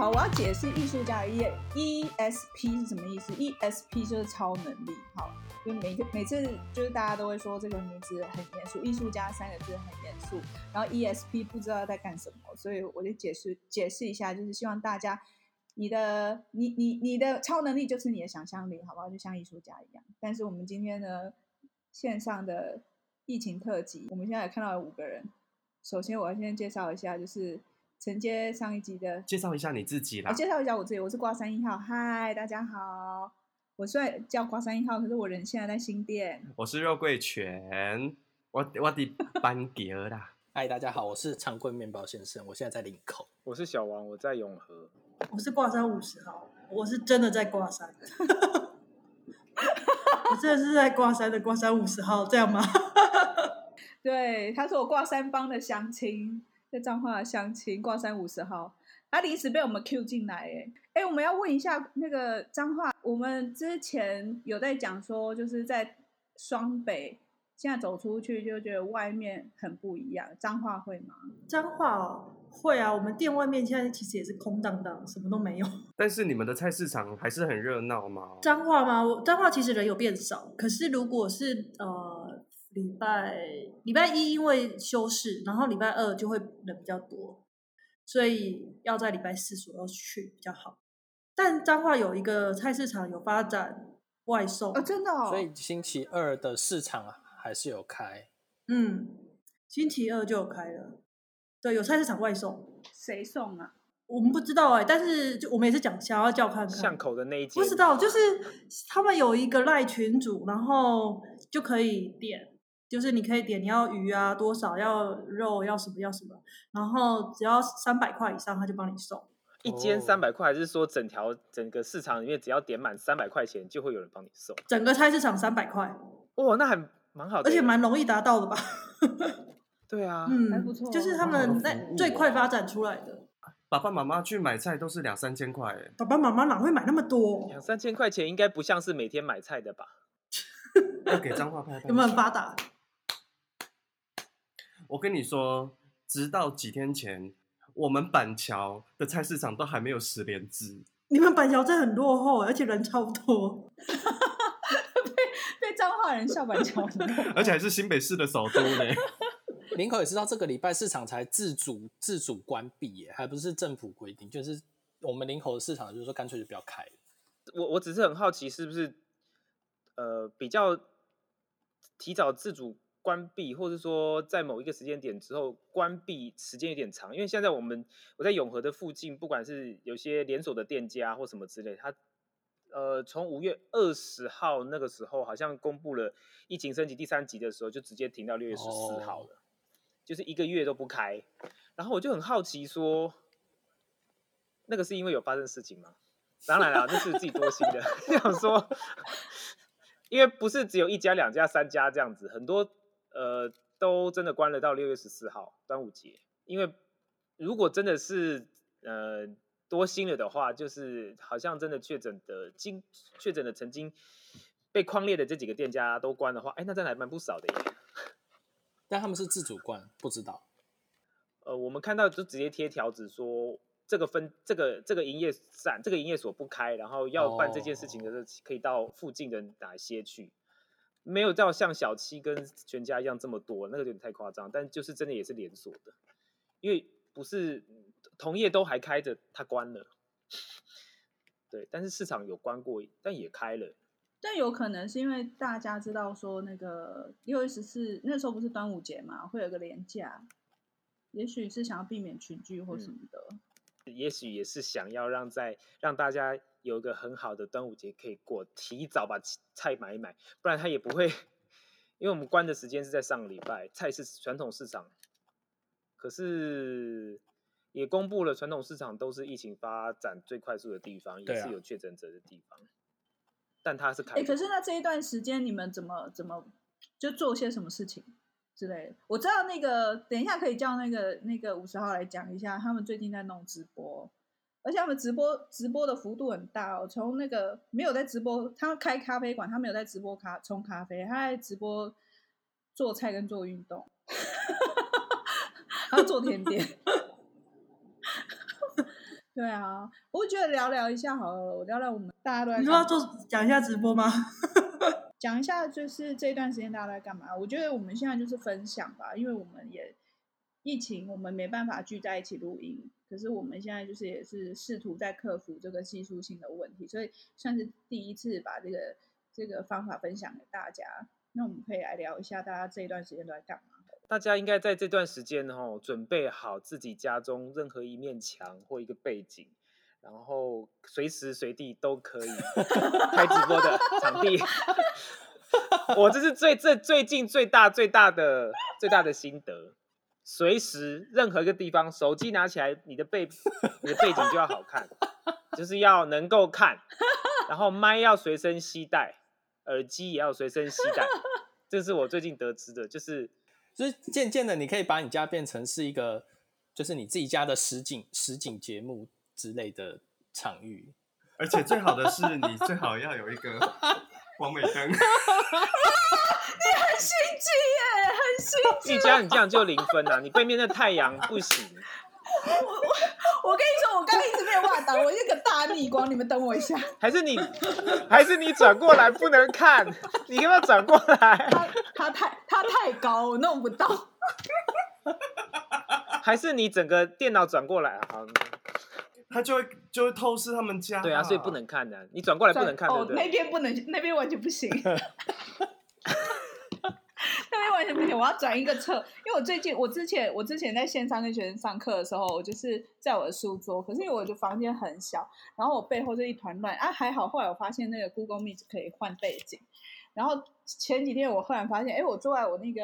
好，我要解釋藝術家的 E S P 是什麼意思，E S P 就是超能力。好，就每個每次就是大家都會說這個名字很嚴肅，藝術家三個字很嚴肅，然後 E S P 不知道在幹什麼，所以我就解釋解釋一下，就是希望大家你的你你你的超能力就是你的想象力，好不好？就像藝術家一樣。但是我們今天呢線上的疫情特輯，我們現在也看到有五個人。首先我要先介紹一下，就是。承接上一集的，介紹一下你自己啦。我、哦、介紹一下我自己，我是卦山一號。嗨，大家好，我雖然叫卦山一號，可是我人現在在新店。我是肉桂犬，我我的班蝶啦。嗨， 大家好，我是長棍麵包先生，我現在在林口。我是小王，我在永和。我是卦山五十號，我是真的在卦山的。 我真的是在卦山的卦山五十號，這樣嗎？ 對，他是我卦山幫的鄉親。在彰化鄉親卦山五十號，他、啊、臨時被我們 cue 進來，哎、欸、哎、欸，我們要問一下那個彰化，我們之前有在講說，就是在雙北，現在走出去就覺得外面很不一樣，彰化會嗎？彰化會啊，我們店外面現在其實也是空蕩蕩，什麼都沒有。但是你們的菜市場還是很熱鬧嗎？彰化嗎？我彰化其實人有變少，可是如果是呃。禮拜禮拜一因為休市，然後禮拜二就會人比較多，所以要在禮拜四左右去比較好。但彰化有一個菜市場有發展外送啊、哦，真的、哦，所以星期二的市場還是有開。嗯，星期二就有開了，對，有菜市場外送，誰送啊？我們不知道哎、欸，但是就我們也是講想要叫看看巷口的那一間，不知道，就是他們有一個賴群組，然後就可以點。就是你可以點你要魚啊，多少要肉要什麼要什麼，然後只要三百塊以上，他就幫你送。一間三百塊，還是說整條整個市場裡面只要點滿三百塊錢，就會有人幫你送？整個菜市場三百塊。哦，那還蠻好的，而且蠻容易達到的吧？對啊，嗯，還不錯，就是他們在最快發展出來的。啊，爸爸媽媽去買菜都是兩三千塊。爸爸媽媽哪會買那麼多？兩三千塊錢應該不像是每天買菜的吧？ 要給張話拍張，有沒有發達？我跟你說，直到幾天前，我們板橋的菜市場都還沒有實聯制。你們板橋真的很落後，而且人超多， 被被彰化人笑板橋。 而且還是新北市的首都呢。 林口也是到這個禮拜市場才自主自主關閉耶，還不是政府規定，就是我們林口的市場，就是說乾脆就不要開了。我我只是很好奇，是不是呃比較提早自主。關閉，或者說在某一個時間點之後關閉時間有點長，因為現在，在我們我在永和的附近，不管是有些連鎖的店家或什麼之類，他呃從五月二十號那個時候好像公布了疫情升級第三級的時候，就直接停到六月十四號了，oh. 就是一個月都不開。然後我就很好奇說，那個是因為有發生事情嗎？當然了，那是自己多心的， 這樣說，因為不是只有一家、兩家、三家這樣子，很多。呃，都真的關了到六月十四號端午節，因為如果真的是呃多心了的話，就是好像真的確診的經確診的曾經被匡列的這幾個店家都關的話，哎，那真的還蠻不少的耶。但他們是自主關，不知道。呃，我們看到就直接貼條子說這個分這個這個營業散這個營業所不開，然後要辦這件事情的時候，哦、可以到附近的哪些去。沒有到像小七跟全家一樣這麼多，那個有點太誇張。但就是真的也是連鎖的，因為不是同業都還開着，它關了。對，但是市場有關過，但也開了。但有可能是因為大家知道說那個六月十四那時候不是端午節嘛，會有個連假，也許是想要避免群聚或什麼的。嗯也許也是想要讓在讓大家有一個很好的端午節可以過，提早把菜買一買，不然他也不會，因為我們關的時間是在上個禮拜，菜市傳統市場，可是也公布了傳統市場都是疫情發展最快速的地方，啊、也是有確診者的地方，但它是開、欸。可是那這一段時間你們怎麼怎麼就做些什麼事情？之類的，我知道那個，等一下可以叫那個那個五十號來講一下，他們最近在弄直播，而且他們直播直播的幅度很大哦。從那個沒有在直播，他們開咖啡館，他沒有在直播咖沖咖啡，他在直播做菜跟做運動，他 做甜點。 對啊，我覺得聊聊一下好了，我聊聊我們大家都你說要做講一下直播嗎？ 講一下，就是這段時間大家在幹嘛？我覺得我們現在就是分享吧，因為我們也疫情，我們沒辦法聚在一起錄音。可是我們現在就是也是試圖在克服這個技術性的問題，所以算是第一次把這個這個方法分享給大家。那我們可以來聊一下，大家這一段時間都在幹嘛？大家應該在這段時間哦，準備好自己家中任何一面牆或一個背景。然後隨時隨地都可以開直播的場地，我這是最最最近最大最大的最大的心得。隨時任何一個地方，手機拿起來，你的背你的背景就要好看，就是要能夠看，然後麥要隨身攜帶，耳機也要隨身攜帶，這是我最近得知的，就是就是漸漸的，你可以把你家變成是一個就是你自己家的實景實景節目。之類的場域，而且最好的是，你最好要有一個網美燈。 你很心機耶，很心機。你這樣，你這樣就零分了，你背面的太陽不行。 我我我跟你說，我剛剛一直被晃到，我一個大逆光。 你們等我一下。還是你，還是你轉過來不能看？ 你給我轉過來？他他太他太高，我弄不到。 還是你整個電腦轉過來啊？好。他就會就會透視他們家、啊。對啊，所以不能看的、啊。你轉過來不能看，哦，那邊不能，那邊完全不行。 那邊完全不行，我要轉一個側。因為我最近，我之前，我之前在線上跟學生上課的時候，我就是在我的書桌，可是因為我的房間很小，然後我背後這一團亂啊，還好後來我發現那個 Google Meet 可以換背景。然後前幾天我忽然發現，哎、欸，我坐在我那個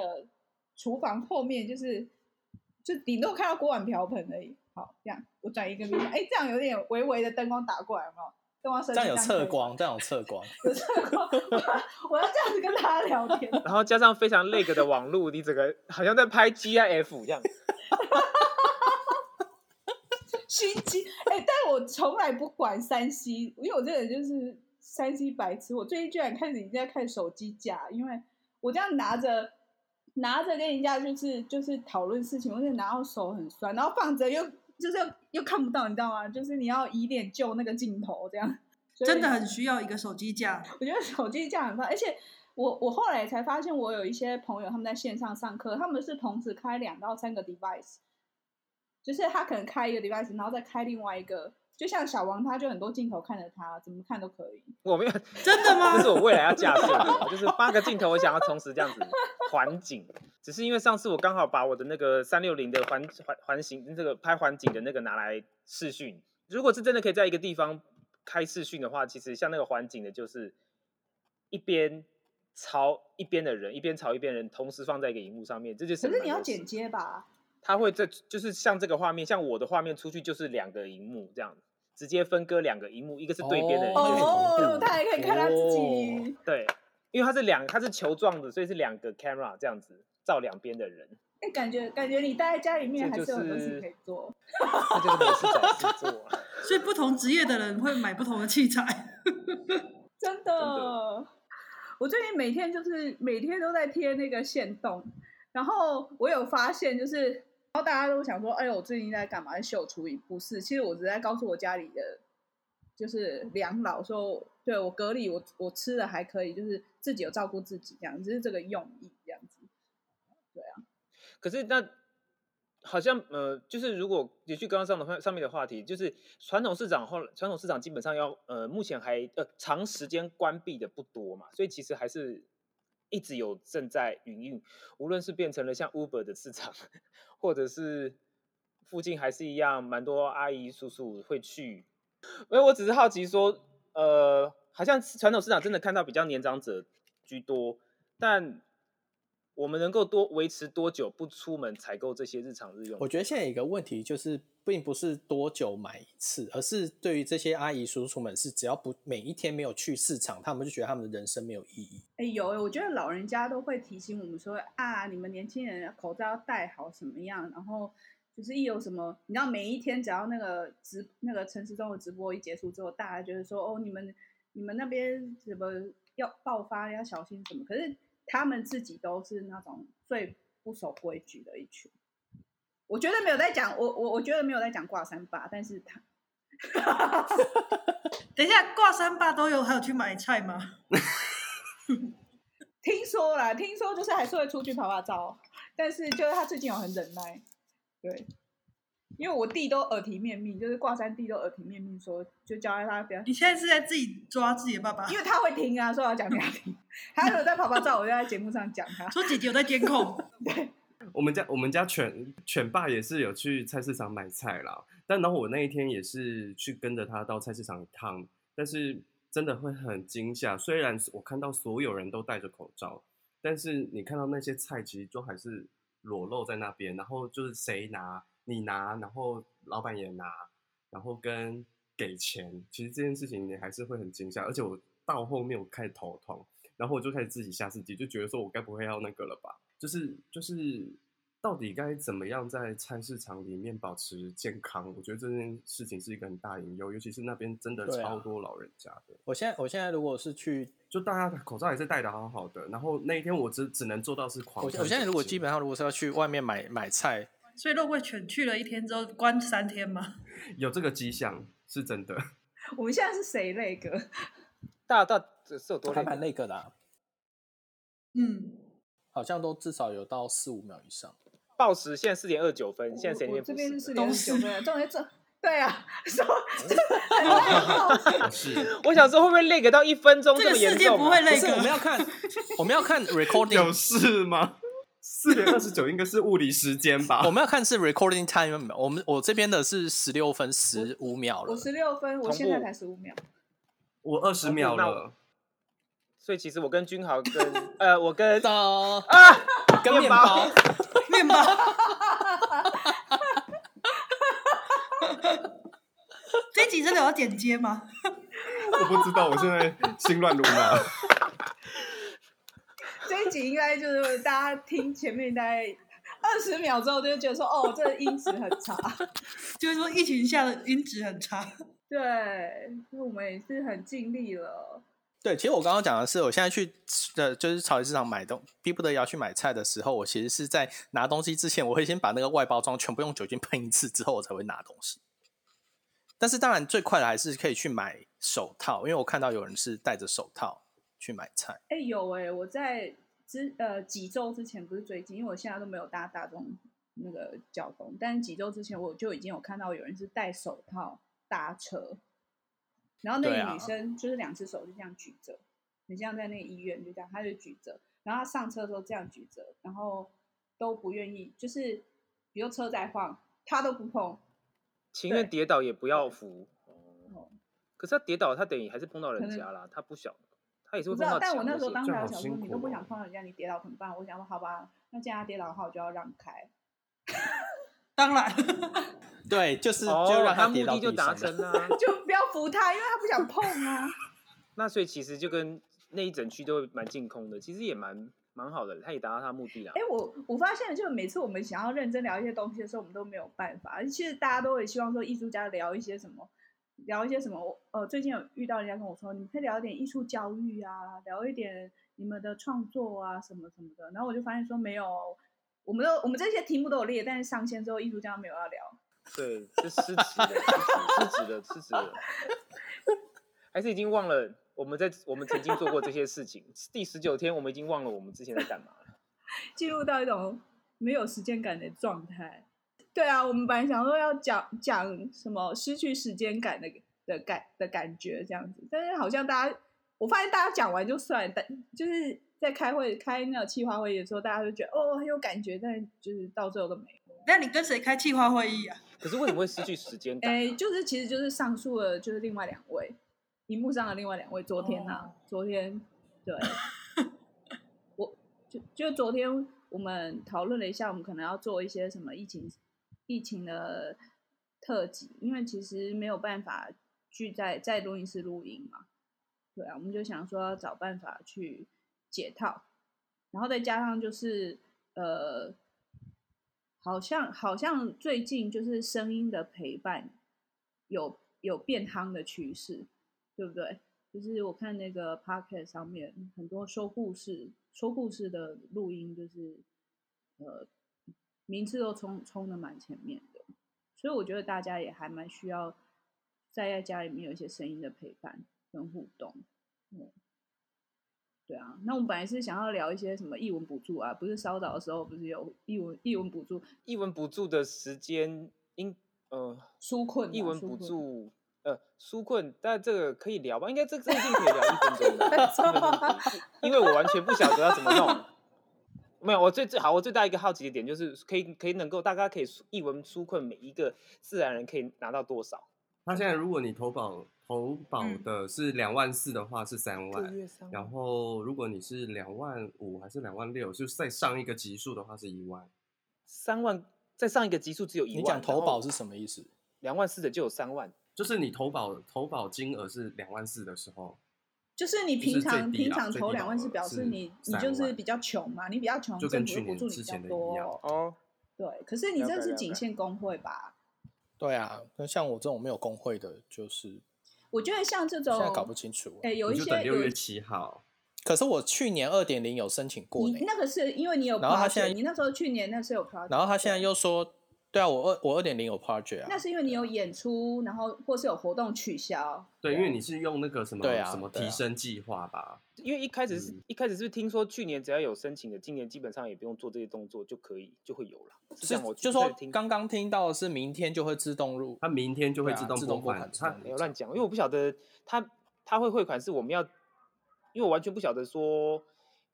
廚房後面、就是，就是就頂多看到鍋碗瓢盆而已。好，這樣，我轉一個面，哎、欸，這樣有點微微的燈光打過來，有燈光，光，這樣有側光，這 樣有側光，有側光，我要這樣子跟大家聊天。 然後加上非常叻的網絡，你整個好像在拍 GIF 這樣哈 心機。哎、欸，但我從來不管三思，因為我這個人就是三思白痴。我最近居然開始一直在看手機架，因為我這樣拿着拿着跟人家就是就是討論事情，我就拿到手很酸，然後放着又。就是又，又看不到，你知道嗎？就是你要移臉就那個鏡頭，這樣，這樣真的很需要一個手機架。我覺得手機架很棒，而且我我後來才發現，我有一些朋友他們在線上上課，他們是同時開兩到三個 device，就是他可能開一個 device，然後再開另外一個。就像小王，他就很多鏡頭看着他，怎麼看都可以。我沒有。真的嗎？這是我未來要架設的， 就是八個鏡頭，我想要同時這樣子環景。只是因為上次我剛好把我的那個三六零的環環環形這個拍環景的那個拿來視訊。如果是真的可以在一個地方開視訊的話，其實像那個環景的，就是一邊朝一邊的人，一邊朝一邊人，同時放在一個螢幕上面，這就是。可是你要剪接吧？他會在，就是像這個畫面，像我的畫面出去就是兩個螢幕這樣，直接分割兩個螢幕，一個是對邊的人。哦、oh，oh, 他還可以看到自己，oh. 對，因為它是兩，它是球狀的，所以是兩個 camera 這樣子照兩邊的人。哎、欸，感覺感覺你待在家裡面還是有東西可以做，就是、就是是做 所以不同職業的人會買不同的器材， 真的，真的，我最近每天就是每天都在貼那個限動，然後我有發現就是。然後大家都想說，哎呦，我最近在幹嘛？秀廚藝？不是，其實我只在告訴我家裡的，就是兩老說，說對我隔離，我我吃的還可以，就是自己有照顧自己，這樣，只、就是這個用意這樣子。對啊。可是那好像呃，就是如果你去剛剛上的話上面的話題，就是傳統市場，後傳統市場基本上要呃，目前還呃長時間關閉的不多嘛，所以其實還是。一直有正在營運，無論是變成了像 Uber 的市場，或者是附近還是一樣，蠻多阿姨叔叔會去。因為我只是好奇說，呃，好像傳統市場真的看到比較年長者居多，但我們能夠多維持多久不出門採購這些日常日用？我覺得現在有一個問題就是。並不是多久買一次，而是對於這些阿姨叔叔們是，只要不每一天沒有去市場，他們就覺得他們的人生沒有意義。哎、欸，有、欸，我覺得老人家都會提醒我們說啊，你們年輕人口罩要戴好，什麼樣？然後就是一有什麼，你知道每一天只要那個直那個陳時中的直播一結束之後，大家覺得說哦，你們你們那邊什麼要爆發，要小心什麼？可是他們自己都是那種最不守規矩的一群。我覺得沒有在講我我我覺得沒有在講卦山爸，但是他， 等一下，卦山爸都有還有去買菜嗎？ 聽說啦，聽說就是還是會出去趴趴走，但是就是他最近有很忍耐，對，因為我弟都耳提面命，就是卦山弟都耳提面命說，就交代他不要。你現在是在自己抓自己的爸爸？ 因為他會聽啊，所以我要講給他聽。他有在趴趴走，我就在節目上講他。說姐姐有在監控。 對。我們家我們家犬犬爸也是有去菜市場買菜啦，但然後我那一天也是去跟着他到菜市場一趟，但是真的會很驚嚇。雖然我看到所有人都戴着口罩，但是你看到那些菜其實都還是裸露在那邊，然後就是誰拿你拿，然後老闆也拿，然後跟給錢，其實這件事情你還是會很驚嚇。而且我到後面我開始頭痛，然後我就開始自己嚇自己，就覺得說我該不會要那個了吧？就是就是。到底該怎麼樣在菜市場裡面保持健康？我覺得這件事情是一個很大隱憂，尤其是那邊真的超多老人家的。啊、我現在我現在如果是去，就大家口罩也是戴的好好的，然後那一天我只只能做到是狂。我現在如果基本上如果是要去外面買買菜，所以肉桂犬去了一天之後關三天嗎？ 有這個跡象是真的。 我們現在是誰那個？大大是有多害怕那個的，的、啊，嗯，好像都至少有到四五秒以上。報時，現在四點二九分。現在誰那這邊是四點二九分。對啊，說 我，我想說會不會 lag 到一分鐘？這個時間不會 lag。我們要看， 我們要看 recording，有事嗎？四點二十九應該是物理時間吧？ 我們要看是 recording time 我們我這邊的是十六分十五秒了。我十六分，我現在才十五秒。我二十秒了。所以其實我跟君豪跟 呃，我跟到。啊。 麵包，麵包，哈哈 這一集真的有剪接嗎？我不知道，我現在心亂如麻。 這一集應該就是大家聽前面大概二十秒之後，就會覺得說 哦，這個音質很差， 就是說疫情下的音質很差。 對，其實我們也是很盡力了。對，其實我剛剛講的是，我現在去呃，就是超級市場買東，逼不得也要去買菜的時候，我其實是在拿東西之前，我會先把那個外包裝全部用酒精噴一次之後我才會拿東西。但是當然最快的還是可以去買手套，因為我看到有人是戴着手套去買菜。哎、欸，有哎、欸，我在之呃幾周之前不是最近，因為我現在都沒有搭大眾那個交通，但幾周之前我就已經有看到有人是戴手套搭車。然後那個女生就是兩隻手就這樣舉着，這、啊、像在那個醫院就這樣，她就舉着。然後他上車的時候這樣舉着，然後都不願意，就是比如車在晃，她都不碰，情願跌倒也不要扶。可是她跌倒，她等於還是碰到人家啦，她不想，她也不知道，但我那時候當時想說、哦，你都不想碰到人家，你跌倒怎麼辦？我想說好吧，那既然他跌倒的話，我就要讓開。 當然，對，就是、oh, 就讓他跌倒他目的就達成了、啊 扶他，因為他不想碰啊。 那所以其實就跟那一整區都蠻淨空的，其實也蠻蠻好的，他也達到他目的啦。哎、欸，我我發現，就每次我們想要認真聊一些東西的時候，我們都沒有辦法。其實大家都會希望說，藝術家聊一些什麼，聊一些什麼。我呃，最近有遇到人家跟我說，你們可以聊一點藝術教育啊，聊一點你們的創作啊，什麼什麼的。然後我就發現說，沒有，我們都，我們這些題目都有列，但是上線之後，藝術家沒有要聊。對，是失職的，失職的，失職的，的，還是已經忘了我們在我們曾經做過這些事情。第十九天，我們已經忘了我們之前在幹嘛了。進入到一種沒有時間感的狀態。對啊，我們本來想說要講講什麼失去時間感的的感的感覺這樣子，但是好像大家，我發現大家講完就算，但就是在開會開那個企劃會議的時候，大家就覺得哦很有感覺，但就是到最後都沒。那你跟誰開企劃會議啊？可是為什麼會失去時間？哎、 欸，就是其實就是上述的，就是另外兩位，屏幕上的另外兩位。昨天吶、啊，oh. 昨天，對，我就就昨天我們討論了一下，我們可能要做一些什麼疫情疫情的特輯，因為其實沒有辦法聚在在錄音室錄音嘛。對啊，我們就想說要找辦法去解套，然後再加上就是呃。好像好像最近就是聲音的陪伴有有變夯的趨勢，對不對？就是我看那個 podcast 上面很多說故事、說故事的錄音，就是呃名次都衝衝的蠻前面的，所以我覺得大家也還蠻需要在在家裡面有一些聲音的陪伴跟互動，嗯。對啊，那我們本來是想要聊一些什麼藝文補助啊，不是燒早的時候不是有藝文藝文補助，藝文補助的時間應呃紓困藝、啊、文補助紓呃紓困，但這個可以聊吧？應該這這一定可以聊一分鐘， 因為我完全不曉得要怎麼弄。 沒有，我最最好我最大一個好奇的點就是可以可以能夠大家可以藝文紓困，每一個自然人可以拿到多少？他現在如果你投保。投保的是兩萬四的話是三萬，、嗯、萬，然後如果你是兩萬五還是兩萬六，就再上一個級數的話是一萬。三萬再上一個級數只有一萬。你講投保是什麼意思？兩萬四的就有三萬，就是你投保投保金額是兩萬四的時候，就是你平常、就是、平常投兩萬是表示你你就是比較窮嘛，你比較窮，政府補助比較多。哦，對，可是你這是僅限工，、哦、工會吧？對啊，那像我這種沒有工會的，就是。我覺得像這種現在搞不清楚，哎，有一些，六月七號，可是我去年二點零有申請過，那個是因為你有，然後他現在，你那時候去年那是有，然後他現在又說。對啊，我二我二點零有 project 啊。那是因為你有演出，然後或是有活動取消。對，對因為你是用那個什麼對、啊、什麼提升計劃吧、啊啊？因為一開始是、嗯、一開始是，不是聽說去年只要有申請的，今年基本上也不用做這些動作就可以就會有了。是，就說剛剛聽到的是明天就會自動入，他明天就會自動入。款、啊。他他沒有亂講，因為我不曉得他他會匯款，是我們要，因為我完全不曉得說。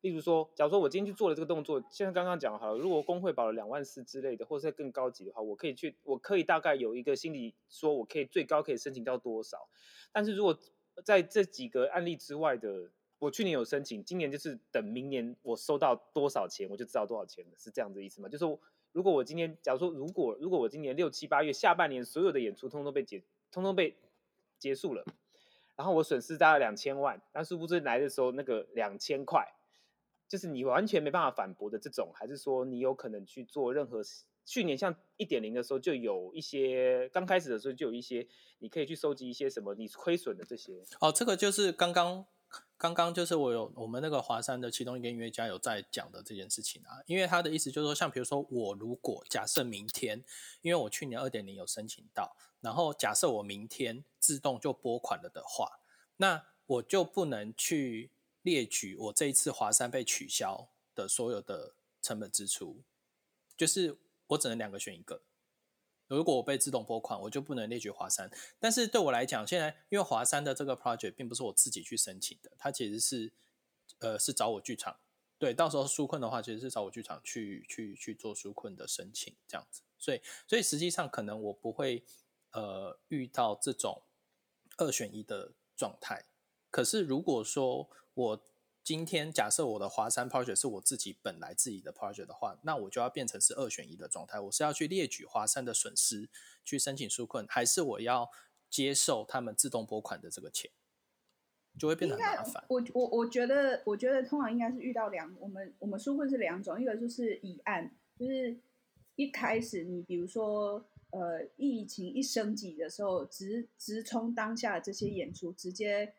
例如說，假如說我今天去做了這個動作，像剛剛講好了，如果工會保了兩萬四之類的，或者更高級的話，我可以去，我可以大概有一個心理說，我可以最高可以申請到多少。但是如果在這幾個案例之外的，我去年有申請，今年就是等明年我收到多少錢，我就知道多少錢了，是這樣子意思嗎？就是如果我今天，假如說如果如果我今年六七八月下半年所有的演出通通被結通通被結束了，然後我損失大概兩千萬，但殊不知來的時候那個兩千塊。就是你完全沒辦法反駁的這種，還是說你有可能去做任何？去年像一點零的時候，就有一些剛開始的時候就有一些，你可以去收集一些什麼你虧損的這些。哦，這個就是剛剛剛剛就是我有我們那個卦山的其中一個音樂家有在講的這件事情啊，因為他的意思就是說，像比如說我如果假設明天，因為我去年二點零有申請到，然後假設我明天自動就撥款了的話，那我就不能去。列舉我這一次華山被取消的所有的成本支出，就是我只能兩個選一個。如果我被自動撥款，我就不能列舉華山。但是對我來講，現在因為華山的這個 project 並不是我自己去申請的，它其實是呃是找我劇場，對，到時候紓困的話，其實是找我劇場去去去,去做紓困的申請這樣子。所以所以實際上可能我不會呃遇到這種二選一的狀態。可是如果說，我今天假設我的華山 project 是我自己本來自己的 project 的話，那我就要變成是二選一的狀態。我是要去列舉華山的損失去申請紓困，還是我要接受他們自動撥款的這個錢，就會變得很麻煩。我我我覺得，我覺得通常應該是遇到兩，我們我們紓困是兩種，一個就是以案，就是一開始你比如說呃疫情一升級的時候，直直衝當下的這些演出直接。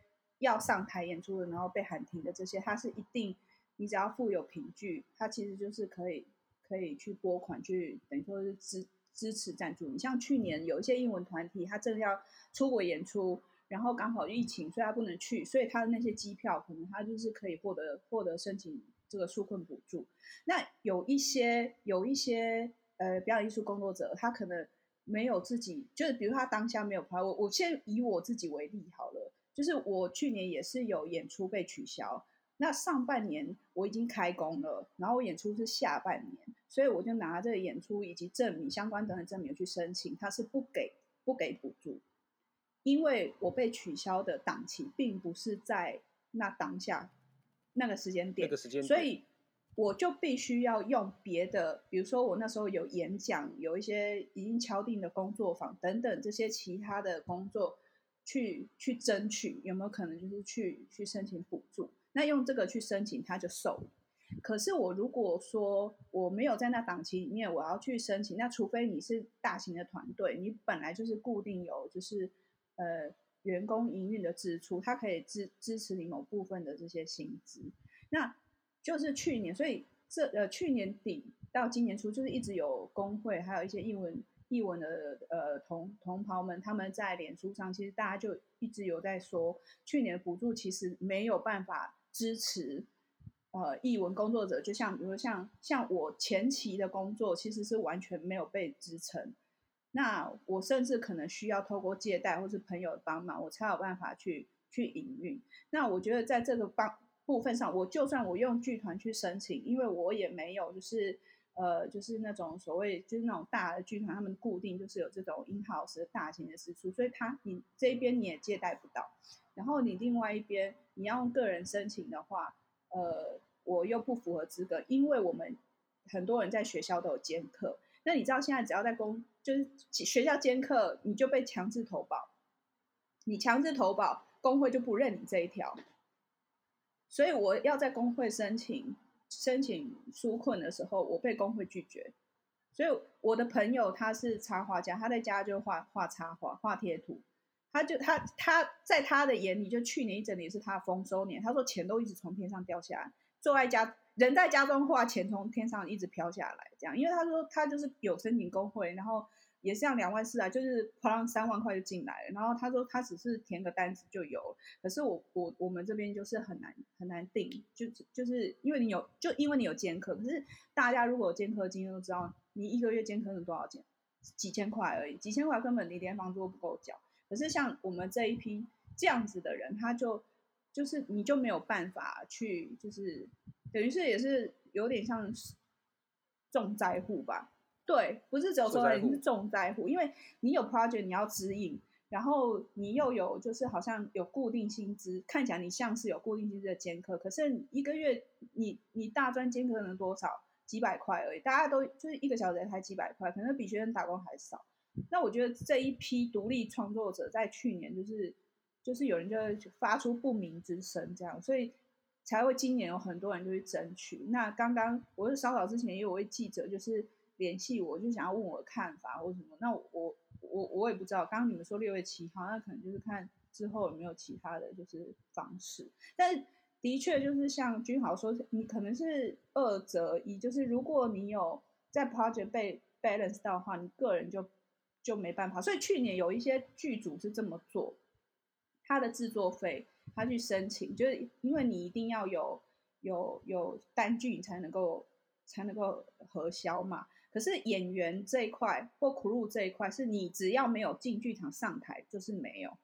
要上台演出的，然後被喊停的這些，他是一定，你只要附有憑據，他其實就是可以可以去撥款去，等於說是支支持贊助。你像去年有一些藝文團體，他正要出國演出，然後剛好疫情，所以他不能去，所以他的那些機票，可能他就是可以獲得獲得申請這個紓困補助。那有一些有一些呃表演藝術工作者，他可能沒有自己，就是比如他當下沒有拍我，我先以我自己為例好了。就是我去年也是有演出被取消，那上半年我已經開工了，然後我演出是下半年，所以我就拿這個演出以及證明相關等等證明去申請，他是不給不給補助，因為我被取消的檔期並不是在那當下，那個、那個時間點，所以我就必須要用別的，比如說我那時候有演講，有一些已經敲定的工作坊等等這些其他的工作，去去爭取有沒有可能就是去去申請補助？那用這個去申請他就受了。可是我如果說我沒有在那檔期裡面，我要去申請，那除非你是大型的團隊，你本來就是固定有就是呃員工營運的支出，他可以支支持你某部分的這些薪資。那就是去年，所以這呃去年底到今年初就是一直有工會還有一些藝文。藝文的呃同同袍們，他們在臉書上，其實大家就一直有在說，去年的補助其實沒有辦法支持呃藝文工作者，就像比如說像像我前期的工作，其實是完全沒有被支撐。那我甚至可能需要透過借貸或是朋友的幫忙，我才有辦法去去營運。那我覺得在這個方部分上，我就算我用劇團去申請，因為我也沒有就是。呃，就是那種所謂，就是那種大的劇團，他們固定就是有這種 in house 式大型的支出，所以他你這邊你也借貸不到。然後你另外一邊你要用個人申請的話，呃，我又不符合資格，因為我們很多人在學校都有兼課。那你知道現在只要在公就是學校兼課，你就被強制投保，你強制投保，工會就不認你這一條。所以我要在工會申請。申請紓困的時候，我被工會拒絕，所以我的朋友，他是插畫家，他在家就畫畫插畫、畫貼圖，他就他他在他的眼裡，就去年一整年是他的豐收年，他說，錢都一直從天上掉下來，坐在家人在家中畫，錢從天上一直飄下來，這樣，因為他說他就是有申請工會，然後。也是像兩萬四啊，就是可能三萬塊就進來了。然後他說他只是填個單子就有，可是我我我們這邊就是很難很難定，就就是因為你有就因為你有兼課，可是大家如果有兼課經驗都知道，你一個月兼課是多少錢？幾千塊而已，幾千塊根本你連房租都不夠繳。可是像我們這一批這樣子的人，他就就是你就沒有辦法去就是等於是也是有點像重災戶吧。對，不是只有說你是重災戶，因為你有 project，你要指引，然後你又有就是好像有固定薪資，看起來你像是有固定薪資的兼課，可是一個月你你大專兼課能多少？幾百塊而已，大家都就是一個小時才幾百塊，可能比學生打工還少。那我覺得這一批獨立創作者在去年就是就是有人就是發出不平之聲這樣，所以才會今年有很多人就去爭取。那剛剛我是稍早之前也有位記者就是。聯繫我，就想要問我的看法或什麼。那我我我，我也不知道。剛剛你們說六月七號，那可能就是看之後有沒有其他的就是方式。但的確就是像君豪說，你可能是二擇一，就是如果你有在 project 被 balance 到的話，你個人就就沒辦法。所以去年有一些劇組是這麼做，他的製作費他去申請，就是因為你一定要有有有單據，你才能夠才能夠核銷嘛。可是演員這一塊或 crew 這一塊，是你只要沒有進劇場上台就是沒有。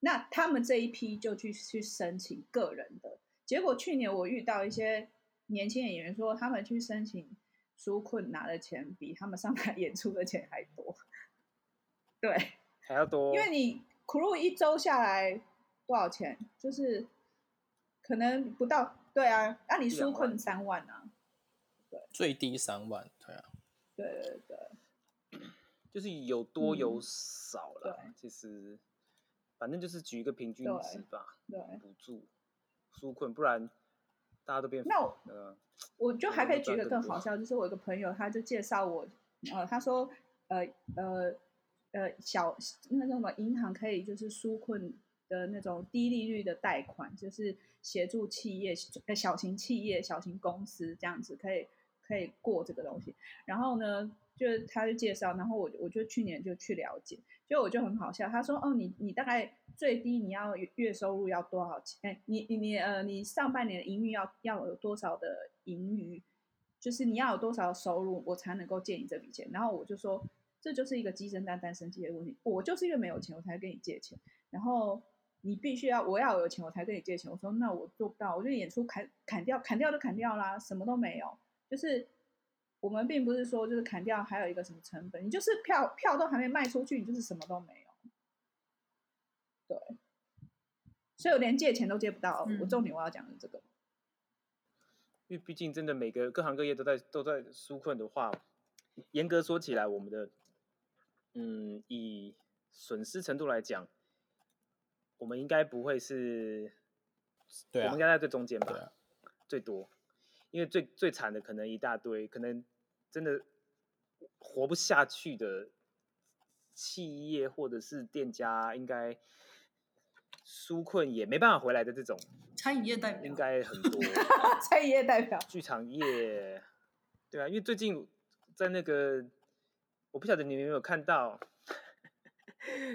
那他們這一批就去去申請個人的，結果去年我遇到一些年輕演員說，他們去申請紓困拿的錢比他們上台演出的錢還多。對，還要多。因為你 crew 一周下來多少錢？就是可能不到，對啊，那啊你紓困三萬啊。最低三萬，對啊，對對對，就是有多有少了，嗯、其實反正就是舉一個平均值吧。對，補助紓困，不然大家都變那我、呃，我就還可以舉一個更好笑，嗯、就是我一個朋友，他就介紹我，呃、嗯，他說，呃呃呃，小那個叫什麼銀行可以就是紓困的那種低利率的貸款，就是協助企業呃小,小型企業、小型公司這樣子可以。可以過這個東西，然後呢，就他就介紹，然後我就我就去年就去了解，就我就很好笑。他說，哦，你你大概最低你要月收入要多少錢？哎，你你你呃，你上半年的盈餘要要有多少的盈餘？就是你要有多少收入，我才能夠借你這筆錢。然後我就說，這就是一個雞生蛋，蛋生雞的問題。我就是因為沒有錢，我才跟你借錢。然後你必須要我要有錢，我才跟你借錢。我說那我做不到，我就演出砍砍掉，砍掉就砍掉啦，什麼都沒有。就是，我們並不是說就是砍掉，還有一個什麼成本？你就是票票都還沒賣出去，你就是什麼都沒有。對，所以我連借錢都借不到。我重點我要講的這個。嗯、因為畢竟真的每個各行各業都在都在紓困的話，嚴格說起來，我們的，嗯，以損失程度來講，我們應該不會是，對、啊，我們應該在最中間吧、啊，最多。因為最最慘的可能一大堆，可能真的活不下去的企業或者是店家，應該紓困也沒辦法回來的這種餐飲業代表應該很多， 餐飲業代表，劇場業，對啊，因為最近在那個，我不曉得你們有沒有看到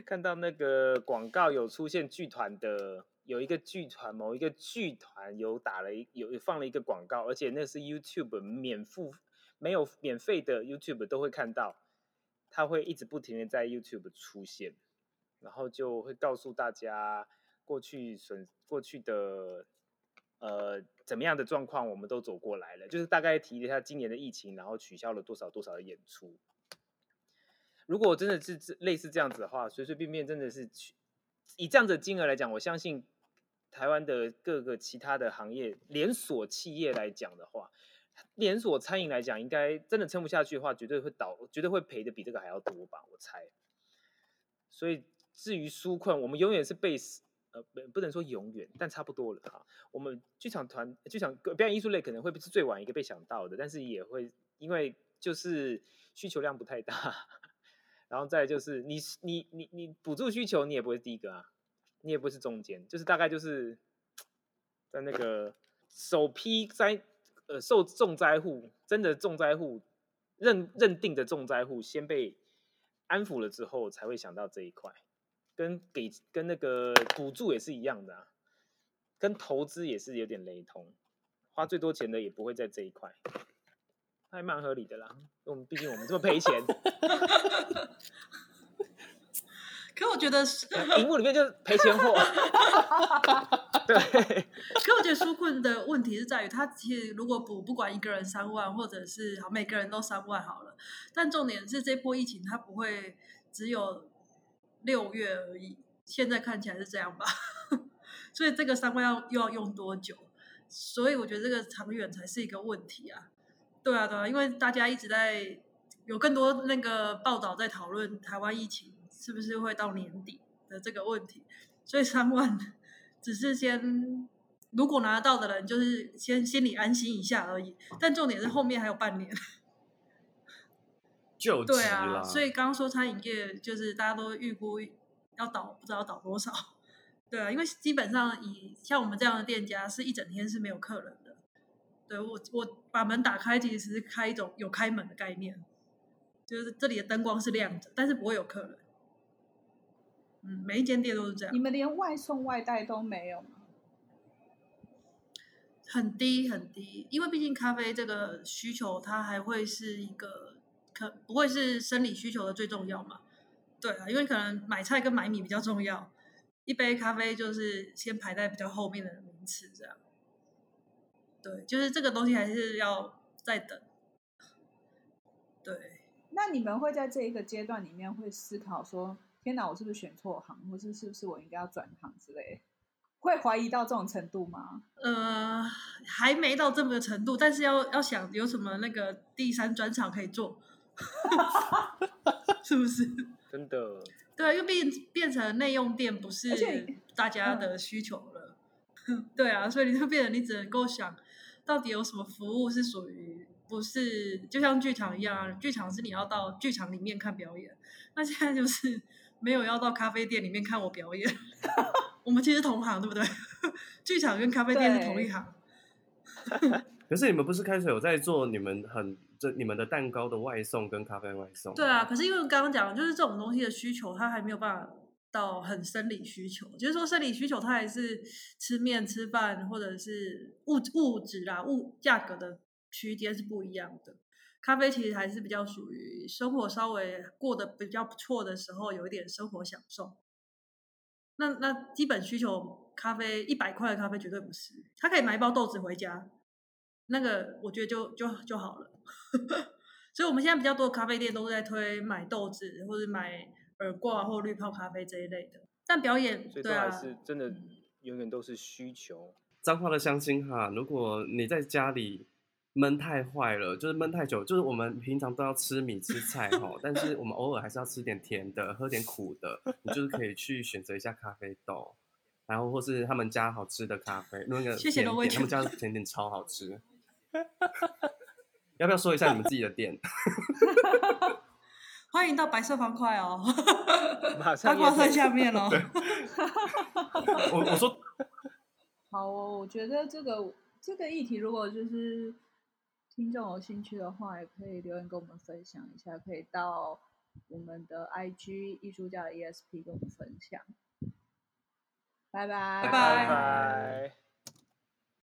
看到那個廣告有出現劇團的。有一個劇團，某一個劇團有打了，有放了一個廣告，而且那是 YouTube 免付、沒有免費的 YouTube，都會看到，他會一直不停的在 YouTube 出現，然後就會告訴大家過去損、過去的呃怎麼樣的狀況，我們都走過來了，就是大概提了一下今年的疫情，然後取消了多少多少的演出。如果真的是類似這樣子的話，隨隨便便真的是以這樣的金額來講，我相信。台灣的各個其他的行業，連鎖企業來講的話，連鎖餐飲來講，應該真的撐不下去的話，絕對會倒，絕對會賠的比這個還要多吧，我猜。所以至於紓困，我們永遠是被，呃，不能說永遠，但差不多了哈、啊。我們劇場團、劇場表演藝術類可能會不是最晚一個被想到的，但是也會因為就是需求量不太大， 然後再就是你你你你補助需求，你也不會第一個啊。你也不是中間，就是大概就是，在那個首批災呃受重災戶，真的重災戶認認定的重災戶先被安撫了之後，才會想到這一塊，跟給跟那個補助也是一樣的，啊，跟投資也是有點雷同，花最多錢的也不會在這一塊，還蠻合理的啦，我們畢竟我們這麼賠錢。 可我覺得，屏、嗯、幕、嗯嗯、裡面就是賠錢貨。 對。可我覺得紓困的問題是在於，他其實如果補，不管一個人三萬，或者是好每個人都三萬好了。但重點是這波疫情，它不會只有六月而已。現在看起來是這樣吧？ 所以這個三萬要又要用多久？所以我覺得這個長遠才是一個問題啊。對啊，對啊，因為大家一直在有更多那個報道在討論台灣疫情。是不是會到年底的這個問題？所以三萬只是先，如果拿得到的人，就是先心裡安心一下而已。但重點是後面還有半年、啊，就 對啊。所以剛剛說餐飲業就是大家都預估要倒，不知道要倒多少。對啊，因為基本上以像我們這樣的店家，是一整天是沒有客人的。對，我我把門打開，其實是開一種有開門的概念，就是這裡的燈光是亮着，但是不會有客人。嗯，每一間店都是這樣。你們連外送外帶都沒有嗎？很低很低，因為畢竟咖啡這個需求，它還會是一個可不會是生理需求的最重要嘛？對啊，因為可能買菜跟買米比較重要，一杯咖啡就是先排在比較後面的名次，這樣。對，就是這個東西還是要再等。對，那你們會在這一個階段裡面會思考說？天哪，我是不是選錯行，或是是不是我應該要轉行之類？會懷疑到這種程度嗎？呃，還沒到這麼個程度，但是要要想有什麼那個第三專場可以做， 是不是？真的？對啊，因為變變成內用店不是大家的需求了，嗯、 對啊，所以你就變得你只能夠想到底有什麼服務是屬於不是就像劇場一樣，啊，劇場是你要到劇場裡面看表演，那現在就是。沒有要到咖啡店裡面看我表演， 我們其實同行對不對？劇 場跟咖啡店是同一行。 可是你們不是開始有在做你們很這你們的蛋糕的外送跟咖啡外送？對啊，可是因為剛剛講就是這種東西的需求，它還沒有辦法到很生理需求。就是說生理需求，它還是吃麵吃飯或者是物質、啊、物質啦物，價格的區間是不一樣的。咖啡其實還是比較屬於生活稍微過得比較不錯的時候，有一點生活享受。那那基本需求，咖啡一百塊的咖啡絕對不是，他可以買一包豆子回家，那個我覺得就就就好了。 所以我們現在比較多咖啡店都是在推買豆子或者買耳掛或濾泡咖啡這一類的。但表演還對啊，是真的，永遠都是需求。彰化的鄉親哈，如果你在家裡。悶太壞了，就是悶太久，就是我們平常都要吃米吃菜哈， 但是我們偶爾還是要吃點甜的，喝點苦的，你就是可以去選擇一下咖啡豆，然後或是他們家好吃的咖啡，那個甜點，謝謝他們家的甜點超好吃。 要不要說一下你們自己的店？ 歡迎到白色方塊哦，它掛在下面哦。 我我說，好哦，我覺得這個這個議題如果就是。聽眾有興趣的話，也可以留言跟我們分享一下，可以到我們的 IG 藝術家的 ESP 跟我們分享。拜拜，拜拜。